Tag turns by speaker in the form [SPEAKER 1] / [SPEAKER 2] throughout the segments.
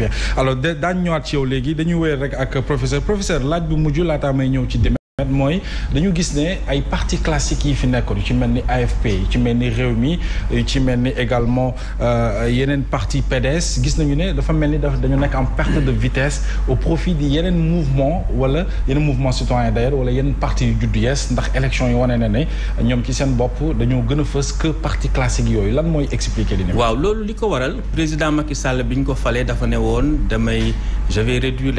[SPEAKER 1] bien alors daañu ñëwaat ci yow léegi dañuy wéyal rek ak professeur professeur laaj bu mujj laataa may ñëw ci. mooy dañu gis ne ay parti classiques yi fi nekkoon yu ci mel ni AFP yu ci mel ni Rewmi yu ci mel ni également euh, yeneen parti PDS gis nañu ne dafa mel ni dañu nekk en perte de vitesse au profit di yeneen mouvement wala yeneen mouvement citoyen d'ailleurs wala yeneen parti yu juddu yees ndax élection yi wane na ne ñoom ci seen bopp dañoo gën a fës que parti classique yooyu lan mooy expliquer li ne waaw
[SPEAKER 2] loolu li ko waral président Macky Sall bi ñu ko falee dafa ne woon damay je vais réduire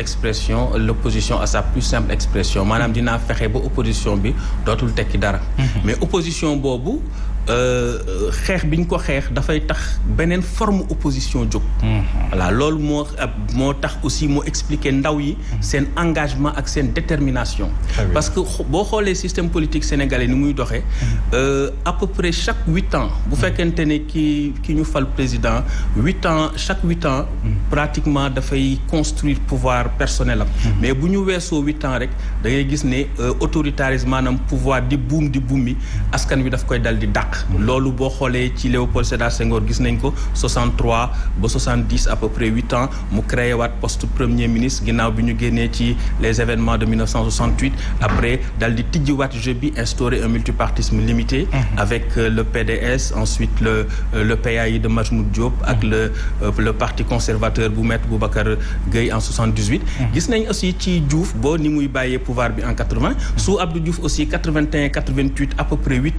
[SPEAKER 2] waxee ba opposition bi dootul tekki dara mhm. mais opposition boobu Euh, xeex bi ñu ko xeex dafay tax beneen forme opposition jóg. Mhm. voilà loolu moo moo tax aussi moo expliquer ndaw yi. Mhm. seen engagement ak seen détermination. Ah parce que boo xoolee système politique sénégalais ni muy doxee. Mhm. Euh, à peu près chaque huit ans. bu fekkente ne ki ki ñu fal président huit ans chaque huit ans. pratiquement dafay construire pouvoir personnel am. mais bu ñu weesoo huit ans rek da ngay gis ne euh, autoritarisme maanaam pouvoir di buum di buum bi askan wi daf koy dal di dàq. dàq. loolu boo xoolee ci Léopold Sédar Senghor gis nañ ko 63 ba 70 à ans mu créé waat premier ministre ginnaaw bi ñu génnee ci les événements de 1968 après daal di tijjiwaat jeu bi instauré un multipartisme limité. Mhm. avec euh, le PDS ensuite le euh, le PAI de Majmoud Diop. ak mhm. le euh, le parti conservateur bu maître Boubacar Gueye en 78. Mhm. gis nañ aussi ci Diouf bo ni muy bàyyee pouvoir bi en 80. sous Abdou Diouf aussi 81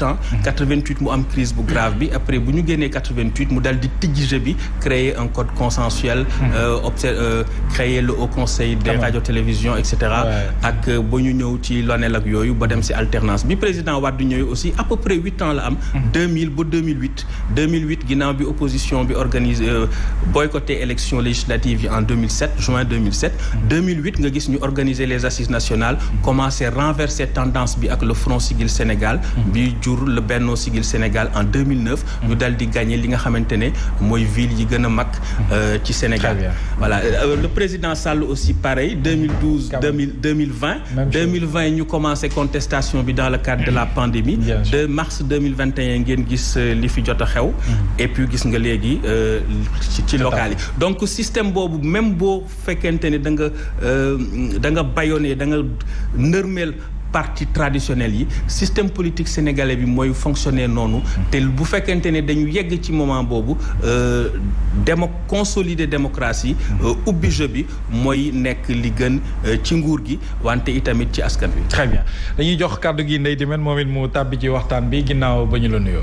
[SPEAKER 2] ans. mu am crise bu grave bi après bu ñu génnee mu dal di tijji bi créer un code consensuel mhm. euh, euh, créer le haut conseil des radio télévision et cetera ak euh, ba ñu ñëw ci loneel ak yooyu ba dem si alternance bi président Wade ñëwee aussi à peu près huit ans la am mhm. ba 2008 bi opposition bi organisé boycotté élection législative yi en 2007 juin 2007 2008 mhm. nga gis ñu organiser les assises nationales commencé renverser tendance bi ak le Front Siggil Sénégal bi jur le Benno Siggil Sénégal en 2009. Mhm. ñu dal di gagné li nga xamante ne mooy ville yi gën a mag. Mhm. Euh, ci Sénégal voilà euh, le président Sall aussi pareil 2012. 2000 2020. 2020 ñu commencé contestation bi dans le cadre de la mhm. pandémie. de mars 2021 ngeen gis euh, li fi jot a xew. et puis gis nga léegi ci local yi donc système boobu même boo fekkente ne da nga da nga bayonee da nga nërmeel. parti traditionnel yi système politique sénégalais bi mooy fonctionner noonu te bu fekkente ne dañu yegg ci moment boobu euh, démo consolider démocratie euh,
[SPEAKER 1] ubbi jeu bi mooy nekk li gën euh, ci nguur gi wante itamit ci askan bi très bien dañuy jox kàddu gi Ndeye Diagne moom it mu tàbbi ci waxtaan bi ginnaaw ba ñu la nuyoo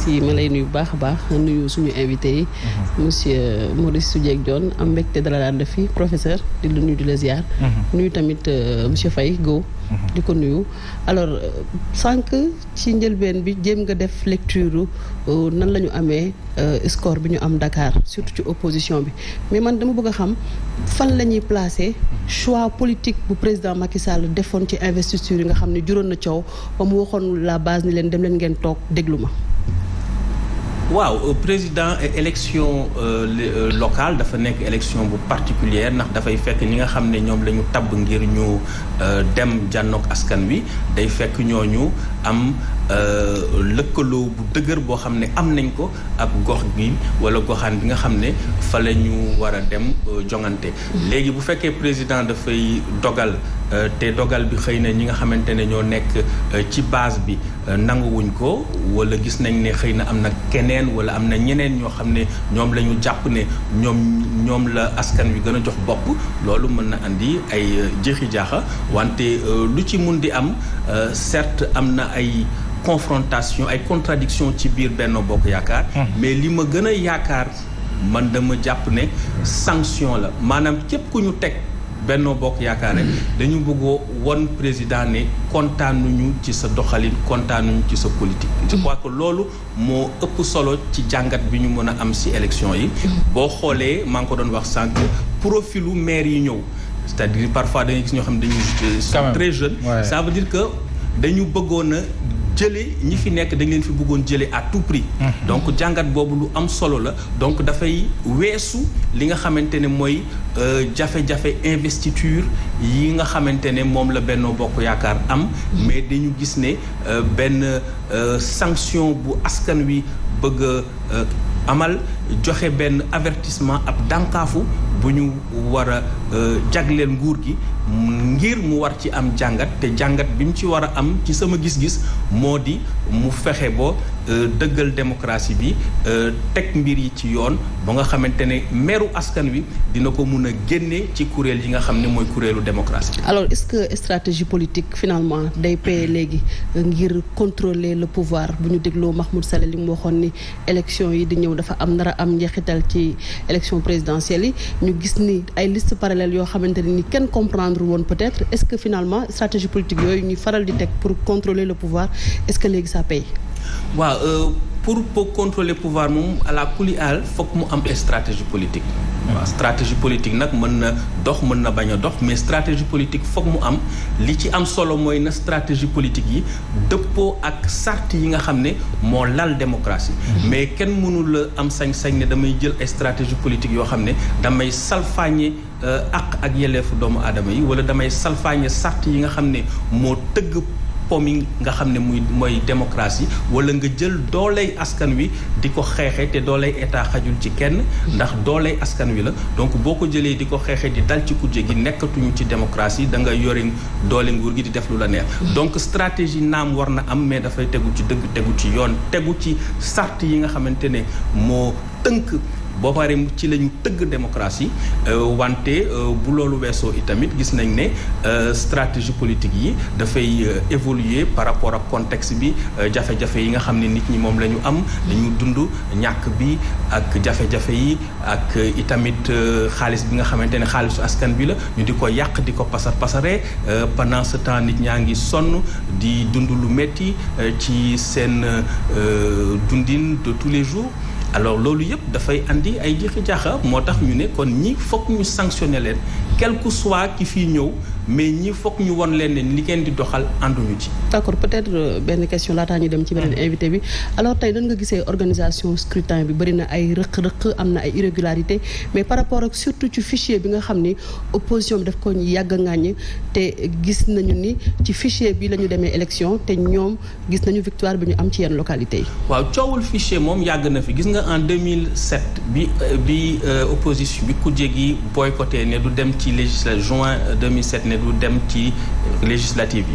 [SPEAKER 3] si ma lay nuyu bu baax a baax nuyu suñu invité yi. Mhm. monsieur euh, Maurice Soudieck Dione am mbégte dala daan def fi professeur di la nuyu di la ziar. Mhm. nuyu tamit euh, monsieur Faye Gow. Mhm. di ko nuyu alors euh, ci njëlbeen bi jéem nga def lecture nan lañu ñu amee score bi ñu am Dakar surtout ci opposition bi mais man dama bëgg a xam fan la ñuy placer choix politique bu président Macky Sall defoon ci investiture yi nga xam ne juróon na coow ba mu waxoon la base ni leen dem leen ngeen toog déglu ma.
[SPEAKER 2] waaw euh, président euh, élection euh, locale dafa nekk élection bu particulière ndax dafay fekk ñi nga xam ne ñoom la ñu tabb ngir ñu dem jànnoog askan wi day fekk ñoo ñooñu am lëkkaloo bu dëgër boo xam ne am nañ ko ak gox gi wala goxaan bi nga xam ne fa la ñu war a dem jongante mm-hmm. léegi bu fekkee président dafay dogal Euh, te dogal bi xëy na ñi nga xamante ne ñoo nekk euh, ci base bi euh, nanguwuñ ko wala gis nañ ne xëy na am na keneen wala am na ñeneen ñoo xam ne ñoom la ñu jàpp ne ñoom ñoom la askan wi gën a jox bopp loolu mën na indi ay jeexi jaaxa wante lu ci mun di am certes am na ay confrontation ay contradiction ci biir benn Bokk Yaakaar hmm. mais li ma gën a yaakaar man dama jàpp ne sanction la maanaam képp ku ñu teg Benno Bokk Yaakaar rek mm-hmm. dañu bëggoo won président ne kontaanuñu ci sa doxalin kontaanuñu ci sa politique. je crois que loolu moo ëpp solo ci jàngat bi ñu mën a am si élection yi. Mm-hmm. boo xoolee maa ngi ko doon wax sànq profilu maire yi ñëw c'est-à-dire parfois dañuy gis ñoo xam ne dañuy. sont très jeunes. ça veut dire que dañu bëggoon a jëlee ñi fi nekk dañ leen fi bëggoon jëlee à tout prix. Mmh. donc jàngat boobu lu am solo la donc dafay weesu li nga xamante ne mooy euh, jafe-jafe investiture yi nga xamante ne moom la Benno Bokk Yaakaar am. Mmh. mais dañu gis ne euh, benn euh, sanction bu askan wi bëgg amal joxe benn avertissement ab dànkaafu bu ñu war a jagleel nguur gi. ngir mu war ci am jàngat te jàngat bi mu ci war a am ci sama gis-gis moo di mu fexe ba Euh, dëggal démocratie bi euh, teg mbir yi ci yoon ba nga xamante ne meru askan wi dina ko mun a génne ci kuréel yi nga xam ne mooy kuréelu démocratie
[SPEAKER 3] alors est-ce que stratégie politique finalement day paye léegi euh, ngir contrôler le pouvoir bu ñu dégloo Mahmoud Saleh li mu waxoon ni élection yi di ñëw dafa am nar am njeexital ci élection présidentielle yi ñu gis ni ay liste parallèle yoo xamante ne ni kenn comprendre woon peut-être est-ce que finalement stratégie politique yooyu ñuy faral di teg pour contrôler le pouvoir est-ce que léegi ça
[SPEAKER 2] waaw euh, pour pour contrôler pouvoir moom à la kuli al foog mu am stratégie politique hmm. stratégie politique nag mën na dox mën na bañ a dox mais stratégie politique foog mu am li ci am solo mooy na stratégie politique yi dëppoo ak sart yi nga xam ne moo lal démocratie hmm. mais kenn mënul am sañ-sañ ne damay jël ay stratégie politique yoo xam ne damay salfaañe euh, àq ak yelleefu doomu aadama yi wala damay salfaañe sart yi nga xam ne moo tëgg pomi nga xam ne muy mooy démocratie wala nga jël dooley askan wi di ko xeexee te dooley état xajul ci kenn ndax dooley askan wi la donc boo ko jëlee di ko xeexee di dal ci kujje gi nekkatuñu ci démocratie da nga yore doole nguur gi di def lu la neex donc stratégie naam war na am mais dafay tegu ci dëgg tegu ci yoon tegu ci sart yi nga xamante ne moo tënk boo paree ci la ñu tëgg démocratie euh, wante euh, bu loolu weesoo itamit gis nañ ne euh, stratégie politique yi dafay évoluer par rapport ak contexte bi jafe-jafe yi nga xam ne nit ñi moom la ñu am lañu dund ñàkk bi ak jafe-jafe yi ak itamit xaalis bi nga xamante ne xaalisu askan bi la ñu di ko yàq di ko pasar pasaree pendant ce temps nit ñaa ngi sonn di dund lu metti ci seen dundin de tous les jours alors loolu yëpp dafay indi ay jiixi jaaxa moo tax ñu ne kon ñi foog ñu sanctionné leen quel soit ki fii ñëw mais ñi foog ñu won leen ne li ngeen di doxal ànduñu ci.
[SPEAKER 3] d'accord peut-être euh, benn question laataa ñu dem ci beneen invité bi alors tey nan nga gisee organisation scrutin bi bëri na ay rëq-rëq am na ay irrégularités mais par rapport ak surtout ci fichier bi nga xam ni opposition bi daf ko yàgg a ŋàññ te gis nañu ni ci fichier bi lañu demee élection te ñoom gis nañu victoire bi ñu am ci yenn localité yi.
[SPEAKER 2] waaw coowul fichier moom yàgg na fi gis nga en 2007 bi euh, bi euh, opposition bi kuje gi boycotté dem ci législative juin 2007. ne du dem ci législative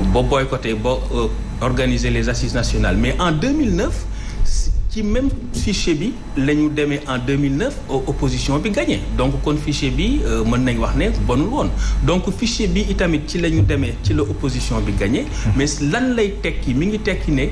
[SPEAKER 2] yi ba boycotté boo euh, organiser les assises nationales mais en 2009 ci même fichier bi la ñu demee en 2009 euh, opposition bi gagné donc kon fichier bi euh, mën nañ wax ne bonul woon donc fichier bi itamit ci la ñu demee ci la opposition bi gagné mais lan lay tekki mi ngi tekki ne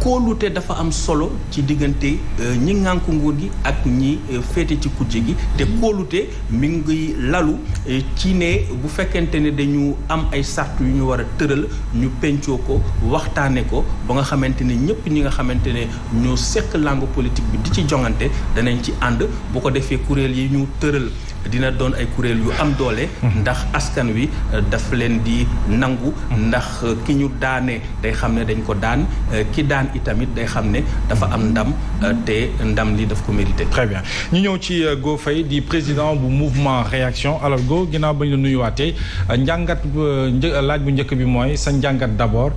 [SPEAKER 2] kóolute dafa am solo ci diggante euh, ñi ŋànk nguur gi ak ñi euh, féete ci kujje gi te mhm. kóolute mi ngi lalu euh, ci ne bu fekkente ne dañu am ay sart yu ñu war a tëral ñu pencoo ko waxtaane ko ba nga xamante ne ñëpp ñi nga xamante ne ñoo seq langue politique bi di ci jongante danañ ci ànd bu ko defee kuréel yi ñu tëral dina doon ay kuréel yu am doole. Mhm. ndax askan wi euh, daf leen di nangu. Mhm. ndax euh, ki ñu daane day xam ne dañ ko daan euh, ki daan itamit day xam ne dafa am ndam te ndam li daf ko mérité. très bien
[SPEAKER 1] ñu ñëw ci Go Faye di président bu mouvement réaction alors Go ginnaaw ba ñu la nuyuwaatee njàngat laaj bu njëkk bi mooy sa njàngat d'abord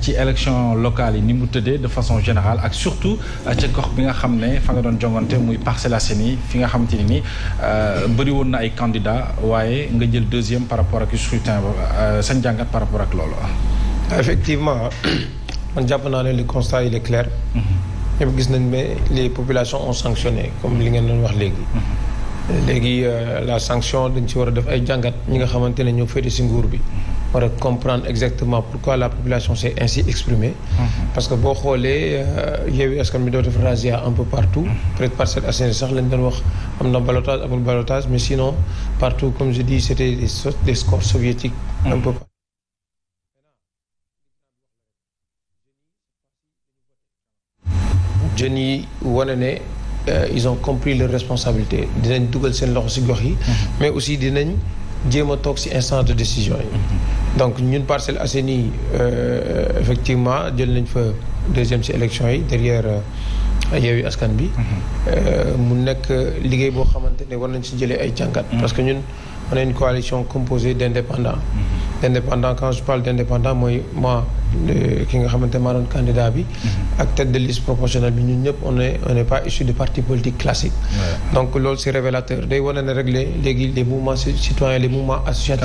[SPEAKER 1] ci élection locale yi ni mu tëddee de façon général ak surtout ca gox bi nga xam ne fa nga doon jongante muy Parcelles Assainies fi nga xamante ni nii. bëri woon na ay candidat waaye nga jël deuxième par rapport ak scrutin ba euh, sa njàngat par
[SPEAKER 4] rapport ak loolu. effectivement man jàpp naa ne le constat il est clair. Mm-hmm. ñëpp gis nañ ne les populations ont sanctionné comme li ngeen doon wax léegi. Mm-hmm. léegi euh, la sanction dañ ci war a def ay jàngat ñi nga xamante ne ñoo féete si nguur bi war a comprendre exactement pourquoi la population s'est ainsi exprimée mm-hmm. parce que boo xoolee euh, Yewwi Askan Wi doo def razzia un peu partout mm-hmm. peut-être Parcelles Assainies sax lañ doon wax am na ballottage amul ballottage mais sinon partout comme je dis c'était des des scores soviétiques mm-hmm. un peu partout jeunes yi wane ne Euh, ils ont compris leur responsabilité dinañ dugal seen loxo ci gox yi. Mhm. mais aussi dinañ jéem a toog ci instance de décision yi. Mhm. donc ñun Parcelles Assainies euh, effectivement jël nañ fa deuxième ci élection yi derrière. Euh, Yewwi Askan bi mhm. mu nekk liggéey boo xamante ne war nañ ci jëlee ay jàngat. parce que ñun on a une coalition composée d'indépendants. indépendant quand je parle d' indépendant mooy moi ki nga xamante maa doon candidat bi. Mm-hmm. ak tête de liste proportionnelle bi ñun ñëpp on est on pas issu de parti politique classique. donc loolu c'est révélateur day wane ne rek léegi les mouvements citoyens les mouvements associatifs.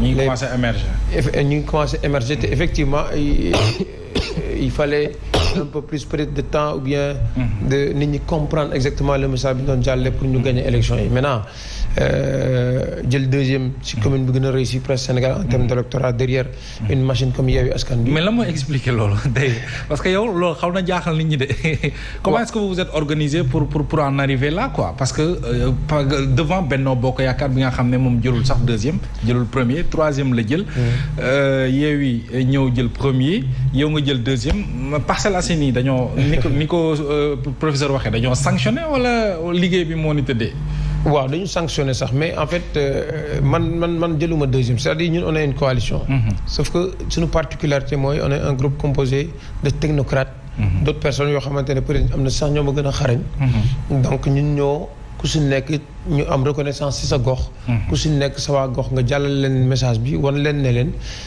[SPEAKER 4] Euh, ñu ngi commencé émerger. ñu ngi commencé émerger te mm-hmm. effectivement il fallait un peu plus peut de temps ou bien. Mm-hmm. de nit ñi comprendre exactement le message bi ñu doon jàllale pour ñu gagner élection yi maintenant. Euh, jël deuxième ci commune bi gën a réussi presque Sénégal en termes d'électorat derrière une machine comme Yewwi Askan Wi. mais
[SPEAKER 1] lan moo expliqué loolu day parce que yow loolu xaw na jaaxal nit ñi de. comment est-ce que vous êtes organisé pour pour pour en arriver là quoi parce euh, que devant Benno Bokk Yaakaar bi nga xam ne moom jëlul sax deuxième jëlul premier troisième la jël. Euh, Yewwi ñëw jël premier yow nga jël deuxième Parcelles Assainies dañoo. ni ko ni
[SPEAKER 4] ko professeur waxee dañoo sanctionné wala liggéey bi moo ni waaw dañu sanctionné sax mais en fait euh, man man man jëluma deuxième c'est-à-dire ñun on une coalition. Mhm. sauf que suñu particularité mooy on est un groupe composé de technocrates. Mhm. d'autres personnes yoo xamante ne peut-être am na sax ñoo ma gën a xarañ. Mhm. donc ñun ñoo ku si nekk ñu am reconnaissance ci sa gox. ku si nekk sa waa gox nga jàllal leen message bi wan leen ne leen.